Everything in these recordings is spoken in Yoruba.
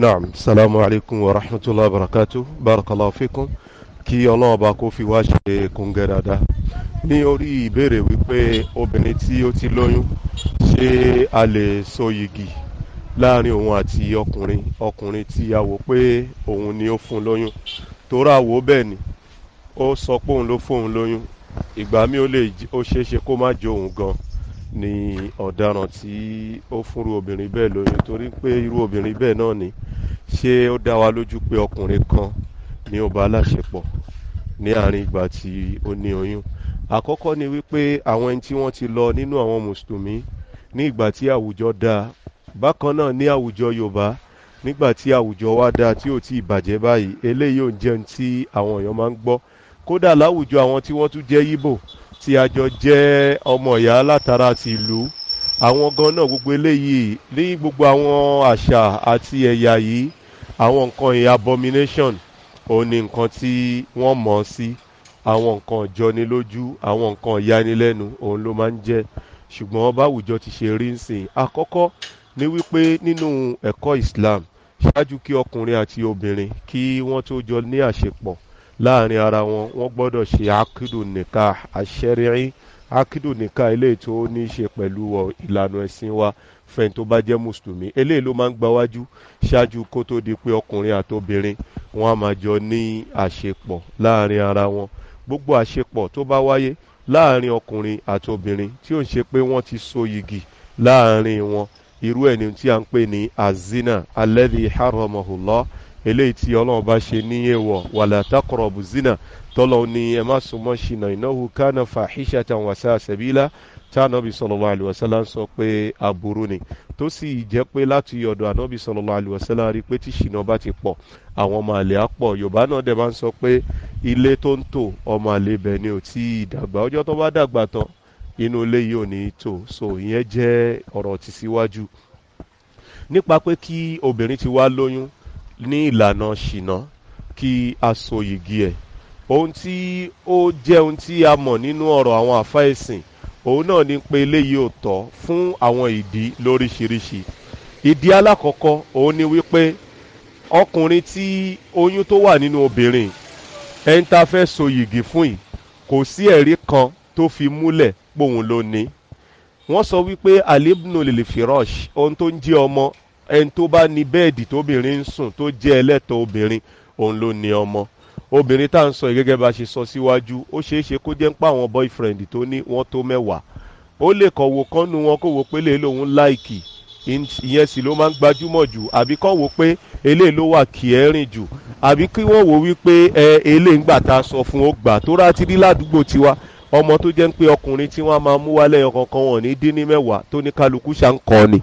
naam salamu alaykum wa rahmatulah barakatu barakallahu fikum kí ọlọ́run bá kó fi wá ṣe kóńgẹ́ dáadáa ní orí ìbéèrè wípé obìnrin tí ó ti lóyún ṣé a lè so yìgì láàrin òun àti ọkùnrin ọkùnrin tí a wò pé òun ni ó fún lóyún tóra wò bẹ́ẹ̀ ni ó sọ pé òun ló fóun lóyún ìgbà mi ó lè ó ṣeé ṣe kó má jẹ òun gan ni ọ̀daràn tí ó fúnru obìnrin bẹ́ẹ̀ lóyún torí pé irú obìnrin bẹ́ẹ̀ náà ni. No ṣé ó dá wa lójú pé ọkùnrin kan ni ó bá láṣepọ̀ ní àárín ìgbà tí ó ní oyún àkọ́kọ́ ni wípé àwọn ẹni tí wọ́n ti lọ nínú àwọn mùsùlùmí ní ìgbà tí àwùjọ dáa bákan náà ní àwùjọ yorùbá nígbà tí àwùjọ wa dáa tí ò tí ì bàjẹ́ báyìí eléyìí ò ń jẹun tí àwọn èèyàn máa ń gbọ́ kódà láwùjọ àwọn tí wọ́n tún jẹ́ yíbò tí a jẹ́ ọmọ ìyá látara ti ìlú àwọn gan náà gbogbo eléyìí ní gbogbo àwọn àṣà àti ẹ̀yà yìí àwọn nǹkan yìí abomination òun ni nǹkan tí wọ́n mọ̀ sí àwọn nǹkan jọnilójú àwọn nǹkan yanilẹ́nu òun ló máa ń jẹ́ ṣùgbọ́n báwùjọ ti ṣe rí nsìn àkọ́kọ́ ni wípé nínú ẹ̀kọ́ Islam ṣáájú kí ọkùnrin àti obìnrin kí wọ́n tó jọ ní àṣepọ̀ láàrin ara wọn wọ́n gbọ́dọ̀ ṣe akidu nìka àṣẹrìn akidu nìka eléyìí tó ní í ṣe pẹ̀lú ìlànà ẹ̀sìn wa fẹ́ni tó bá jẹ́ mùsùlùmí eléyìí ló máa ń gbáwájú ṣáájú kó tó di pé ọkùnrin àtobìnrin wọn á máa jọ ní àṣepọ̀ láàrin ara wọn gbogbo àṣepọ̀ tó bá wáyé láàrin ọkùnrin àtobìnrin tí ó ń ṣe pé wọ́n ti so yìgì láàrin wọn irú ẹni tí a ń pè ní azina alladhi haramahullah eléyìí tí ọlọ́run bá ṣe ní èèwọ̀ wala zina tọ́lọ́ ni ẹ má súnmọ́ ṣìnà innahu kana fahishatan wasa tí anabi sallallahu alaihi wasallam sọ pé aburú ni tó sì jẹ́ pé láti ọ̀dọ̀ anabi sallallahu alaihi wasallam rí pé tí ṣìnà bá ti pọ̀ àwọn ọmọ àlè á pọ̀ yorùbá náà dẹ̀ máa ń sọ pé ilé tó ń tò ọmọ àlè bẹ̀ ni ò tí ì dàgbà ọjọ́ tó bá dàgbà tán inú ilé yìí ò ní tò so ìyẹn jẹ́ ọ̀rọ̀ ti síwájú nípa pé kí obìnrin ti wá lóyún ní ìlànà ṣìnà kí a so yìgì ẹ̀ ohun tí ó jẹ́ ohun tí a mọ̀ nínú ọ̀rọ̀ àwọn àfáà ẹ̀sìn òun náà ni pé eléyìí ò tọ́ fún àwọn ìdí lóríṣiríṣi ìdí alákọ̀ọ́kọ́ òun ni wípé ọkùnrin tí oyún tó wà nínú obìnrin ẹni tá a fẹ́ so yìgì fún yìí kò sí ẹ̀rí kan tó fi múlẹ̀ póun ló ní wọ́n sọ wípé alibnu lil ohun tó ń jẹ́ ọmọ ẹni tó bá ní bẹ́ẹ̀dì tóbìnrin ń sùn tó jẹ́ ẹlẹ́tọ̀ obìnrin òun ló ní ọmọ obìnrin tá à ń sọ yìí gẹ́gẹ́ bá ṣe sọ síwájú ó ṣeé ṣe kó jẹ́ ń pa àwọn boyfriend tó ní wọ́n tó mẹ́wàá ó lè kàn wò kán nu wọn kó wò pé lè lòun láìkì ìyẹn sì ló máa ń gbajúmọ̀ jù àbí kán wò pé eléyìí ló wà kì í rìn jù àbí kí wọ́n wò wípé ẹ eléyìí ń gbà tá a sọ fún ó gbà tó ráti rí ládùúgbò tiwa ọmọ tó jẹ́ ń pé ọkùnrin tí wọ́n máa mú wálé ọkọ̀ọ̀kan wọn ní dín ní mẹ́wàá tó ní kálukú ṣàǹkọ́ ni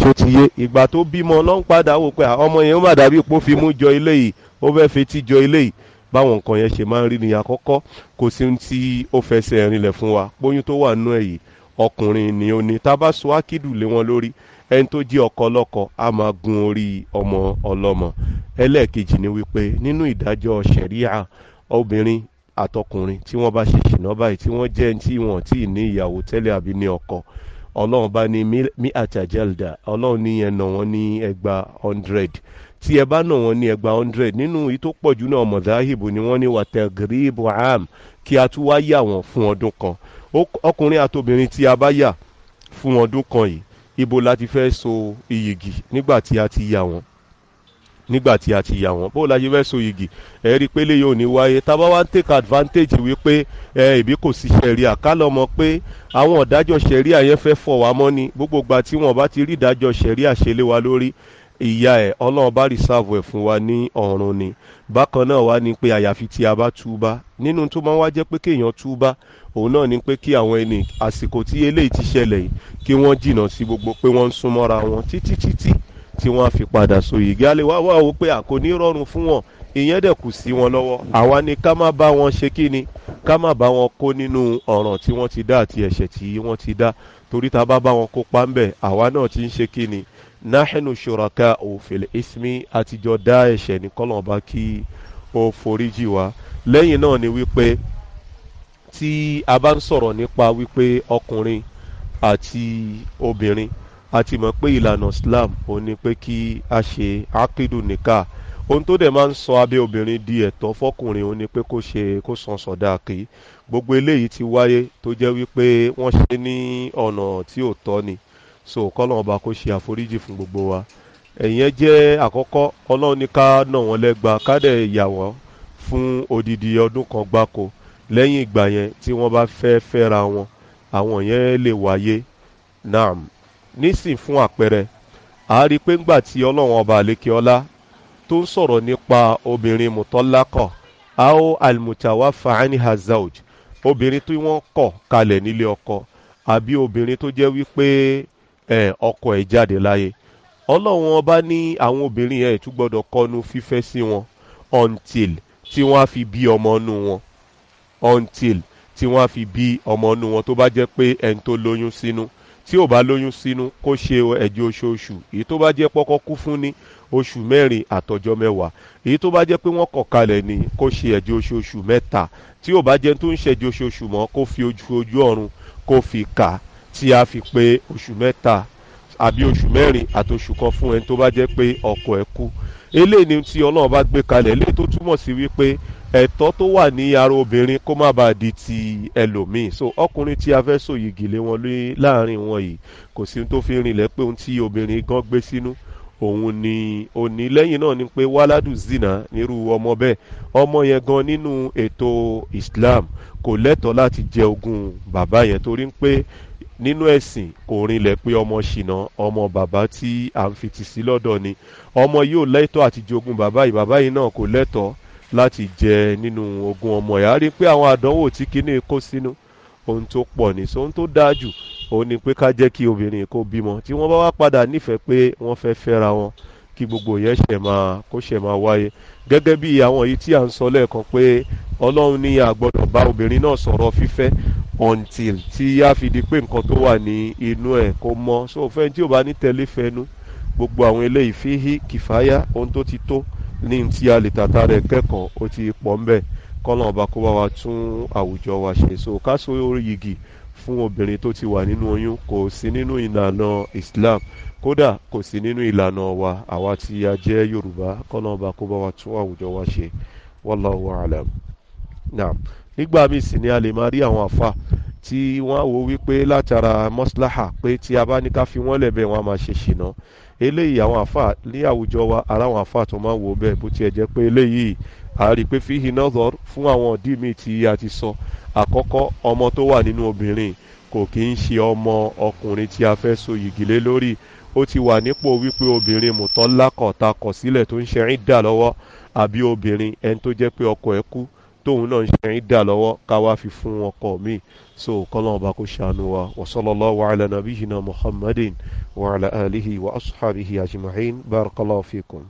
ṣó ti yé ìgbà tó bímọ ló padà wò pé ọmọ yẹn ó má dàbí pó jọ ilé yìí ó fẹ́ fetí jọ ilé yìí báwọn nǹkan yẹn ṣe máa ń rí ni àkọ́kọ́ kò sí ohun tí ó fẹsẹ̀ rinlẹ̀ fún wa bóyún tó wà nú ẹ̀ ọkùnrin ni ó ní tá a bá so ákídù lé wọn lórí ẹni tó jẹ́ ọkọ ọlọ́kọ á máa gun orí ọmọ ọlọ́mọ ẹlẹ́ẹ̀kejì ni wípé nínú ìdájọ́ ṣẹ̀ríà obìnrin àtọkùnrin tí wọ́n bá ṣe ṣìnà báyìí tí wọ́n jẹ́ tí wọ́n tí ì ní ìyàwó tẹ́lẹ̀ àbí ní ọkọ ọlọ́run bá ní mi àtàjẹ́lda ọlọ́run ní ẹ̀nà wọn ní ẹgbàá hundred tí ẹ bá nà wọ́n ní ẹgbàá hundred nínú yìí tó pọ̀ jù náà mọ̀dáhìbù ni wọ́n ní wàtẹ̀gìrìbù am kí a tún wá yà wọ́n fún ọdún kan ọkùnrin àtobìnrin tí a bá yà fún ọdún kan yìí ibo la ti fẹ́ so iyìgì nígbà tí a ti yà wọ́n nígbà tí a ti yà wọ́n bó la ṣe fẹ́ so iyìgì ẹ rí i pé léyìí ò wáyé tá a bá wá ń take advantage wípé ẹ ìbí kò sí ṣẹ̀ríà ká lọ mọ̀ pé àwọn ọ̀dájọ́ ṣẹ̀ríà yẹn fẹ́ fọ̀ wá mọ́ ni gbogbo ìgbà tí wọ́n bá ti rí ìdájọ́ ṣẹ̀ríà ṣe lé wa lórí ìyá ẹ̀ ọlọ́run bá rìsáàvù ẹ̀ fún wa ní ọ̀run ni bákan náà wá ní pé àyàfi tí a bá túbá nínú tó máa ń wá jẹ́ pé kéèyàn túbá òun náà ni pé kí àwọn ẹni àsìkò tí eléyìí ti ṣẹlẹ̀ yìí kí wọ́n jìnnà sí gbogbo pé wọ́n ń súnmọ́ra wọn títí títí tí wọ́n á fi padà so yìí gálẹ̀ wá wá wo pé àkóní rọrùn fún wọn ìyẹn dẹ̀ kù sí wọn lọ́wọ́ àwa ni ká má bá wọn ṣe kí ni ká má bá wọn kó nínú ọ̀ràn tí wọ́n ti dá àti ẹ̀ṣẹ̀ tí wọ́n ti dá torí ta bá bá wọn kópa ńbẹ̀ àwa náà ti ń ṣe kí ni nahnu shuraka'u fil ismi àtijọ́ dá ẹ̀ṣẹ̀ ní kọ́lọ́ọ̀bá kí ó foríjì wá lẹ́yìn náà ni wípé tí a bá ń sọ̀rọ̀ nípa wípé ọkùnrin àti obìnrin a ti mọ̀ pé Islam ò ní pé kí a ṣe akidu nika ohun tó dẹ̀ máa ń sọ abẹ́ obìnrin di ẹ̀tọ́ fọkùnrin ó ní pé kó ṣe kó san sọ̀dáàkì gbogbo eléyìí ti wáyé tó jẹ́ wípé wọ́n ṣe ní ọ̀nà tí ò tọ́ ni so kọ́lọ́run ọba kó ṣe àforíjì fún gbogbo wa ẹ̀yẹn jẹ́ àkọ́kọ́ ọlọ́run ní ká nà wọ́n lẹ́gba ká dẹ̀ yà wọ́n fún odidi ọdún kan gbáko lẹ́yìn ìgbà yẹn tí wọ́n bá fẹ́ fẹ́ra wọn àwọn yẹn lè wáyé naam nísìn fún àpẹẹrẹ a rí i pé ńgbà tí ọlọ́run ọba àlékè ọlá tó ń sọ̀rọ̀ nípa obìnrin mùtọ́lákọ̀ ao almutawa fahani hazauj obìnrin tí wọ́n kọ̀ kalẹ̀ nílé ọkọ àbí obìnrin tó jẹ́ wípé ẹ ọkọ ẹ̀ jáde láyé ọlọ́run ọba ní àwọn obìnrin ẹ̀ tún gbọ́dọ̀ kọ́nu fífẹ́ sí wọn until tí wọ́n á fi bí ọmọ inú wọn until tí wọ́n á fi bí ọmọ inú wọn tó bá jẹ́ pé ẹni tó lóyún sínú tí ò bá lóyún sínú kó ṣe ẹ̀jẹ̀ oṣooṣù èyí tó bá jẹ́ pọ́kọ́ kú fún ní oṣù mẹ́rin àtọjọ́ mẹ́wàá èyí tó bá jẹ́ pé wọ́n kọ̀ kalẹ̀ ni kó ṣe ẹ̀jẹ̀ oṣooṣù mẹ́ta tí ò bá jẹ́ tó ń ṣẹ̀jẹ̀ oṣooṣù mọ́ kó fi ojú ọ̀run kó fi kà á tí a fi pé oṣù mẹ́ta àbí oṣù mẹ́rin àti oṣù kan fún ẹni tó bá jẹ́ pé ọkọ ẹ̀ kú eléyìí ni tí ọlọ́run bá gbé kalẹ̀ eléyìí tó túmọ̀ sí wípé ẹ̀tọ́ tó wà ní ara obìnrin kó má bàa di ti ẹlòmíì so ọkùnrin tí a fẹ́ so yìgì lé wọn láàrin wọn yìí kò sí tó fi rinlẹ̀ pé ohun tí obìnrin gan gbé sínú òun ni òní lẹ́yìn náà ni pé wàládù zina nírú ọmọ bẹ́ẹ̀ ọmọ yẹn gan nínú ètò Islam kò lẹ́tọ̀ọ́ láti jẹ ogún bàbá yẹn torí pé nínú ẹ̀sìn kò rinlẹ̀ pé ọmọ ṣìnà ọmọ bàbá tí à ń fitì sí lọ́dọ̀ ni ọmọ yóò lẹ́tọ̀ọ́ àti jogún bàbá yìí bàbá yìí náà kò lẹ́tọ̀ọ́ láti jẹ nínú ogún ọmọ ẹ̀ á rí i pé àwọn àdánwò tí kinní kó sínú ohun tó pọ̀ ní so ohun tó dáa jù òun ni pé ká jẹ́ kí obìnrin kó bímọ tí wọ́n bá wá padà nífẹ̀ẹ́ pé wọ́n fẹ́ fẹ́ra wọn kí gbogbo yẹn ṣe máa kó ṣe máa wáyé gẹ́gẹ́ bí àwọn yìí tí à ń sọ lẹ́ẹ̀kan pé ọlọ́run ní àgbọ́dọ̀ bá obìnrin náà sọ̀rọ̀ fífẹ́ until tí a fi di pé nǹkan tó wà ní inú ẹ̀ kó mọ́ so fẹ́ni tí ò bá ní tẹ̀lé fẹnu gbogbo àwọn eléyìí fíhí kìfáyà ohun tó ti tó ní ti a lè tàta ó ti pọ̀ ń bẹ̀ ọba kó bá wa tún àwùjọ wa ṣe so ká so yìgì fún obìnrin tó ti wà nínú oyún kò sí nínú ìlànà Islam kódà kò sí nínú ìlànà wa àwa tí a jẹ́ Yorùbá kọ́nà ọba kó bá wa tún àwùjọ wa ṣe wallahu a'lam náà nígbà míì sì ni a lè máa rí àwọn àfa tí wọ́n wo wípé látara mọ́síláhà pé tí a bá ní ká fi wọ́n lẹ̀bẹ̀ wọn a máa ṣe ṣìnà eléyìí àwọn àfa ní àwùjọ wa ara àwọn àfa tó máa ń wò bẹ́ẹ̀ bó tiẹ̀ jẹ́ pé eléyìí a rí i pé fihi nazar fún àwọn ọ̀dí mi tí a ti sọ àkọ́kọ́ ọmọ tó wà nínú obìnrin kò kì í ṣe ọmọ ọkùnrin tí a fẹ́ so yìgì lé lórí ó ti wà nípò wípé obìnrin mùtọ́ kọ̀ọ̀ta kọ̀ sílẹ̀ tó ń ṣe ìdá lọ́wọ́ àbí obìnrin ẹni tó jẹ́ pé ọkọ ẹ̀ kú tóun náà ṣe ń dà lọ́wọ́ ká wá fi fún ọkọ mi so kọ́lọ́n ọba kó ṣàánú wa wa sallallahu nabi nabiyina muhammadin wa ala alihi wa ashabihi ajma'in fi kun.